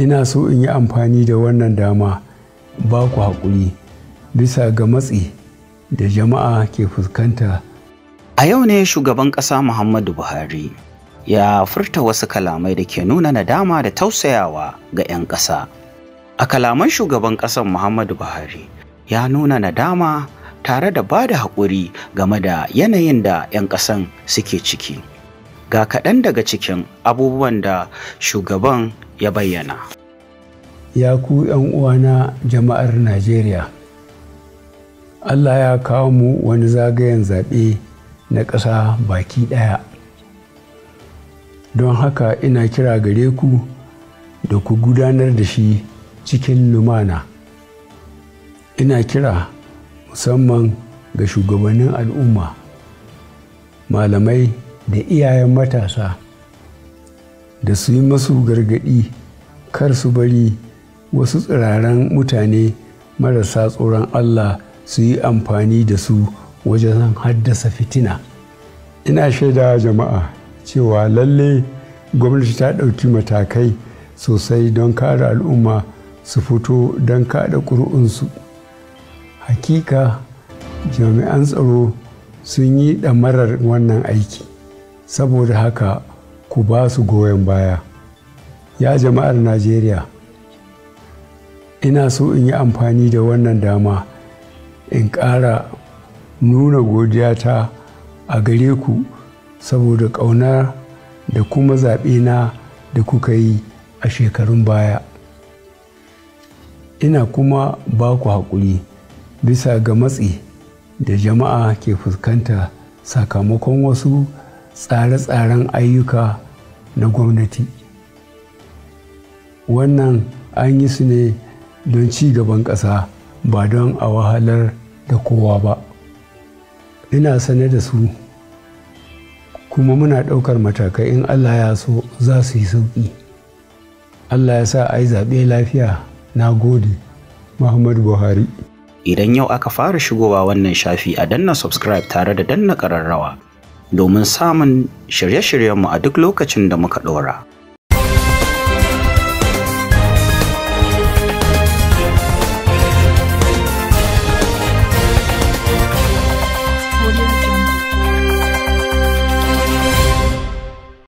ina so in yi amfani da wannan dama ba ku haƙuri bisa ga matsi da jama'a ke fuskanta a yau ne shugaban ƙasa muhammadu buhari ya furta wasu kalamai da ke nuna nadama da tausayawa ga 'yan ƙasa a kalaman shugaban ƙasan muhammadu buhari ya nuna nadama tare da ba da haƙuri game da yanayin da 'yan ƙasan suke ciki ga kaɗan daga cikin abubuwan da shugaban ya bayyana. Ya ku uwana jama'ar Najeriya, Allah ya kawo mu wani zagayen zaɓe na ƙasa baki ɗaya. Don haka ina kira gare ku da ku gudanar da shi cikin lumana. Ina kira musamman ga shugabannin al'umma, malamai da iyayen matasa. da su yi masu gargaɗi kar su bari wasu tsiraren mutane marasa tsoron Allah su yi amfani da su wajen haddasa fitina. Ina shaida jama'a cewa lalle gwamnati ta ɗauki matakai sosai don kare al'umma su fito don kada ƙuri'unsu. Hakika jami'an tsaro sun yi ɗamarar wannan aiki, saboda haka ku ba su goyon baya ya jama'ar najeriya ina so in yi amfani da wannan dama in ƙara nuna godiyata a gare ku saboda ƙauna da kuma zaɓe na da kuka yi a shekarun baya ina kuma ba ku haƙuri bisa ga matsi da jama'a ke fuskanta sakamakon wasu tsare-tsaren ayyuka na gwamnati wannan an yi su ne don ci gaban ƙasa ba don a wahalar da kowa ba ina sane da su kuma muna ɗaukar matakai in allah ya so za su yi sauƙi allah ya sa yi zaɓe lafiya na gode muhammadu buhari idan yau aka fara shigowa wannan shafi a danna subscribe tare da danna ƙararrawa domin samun shirye-shiryenmu a duk lokacin da muka ɗora.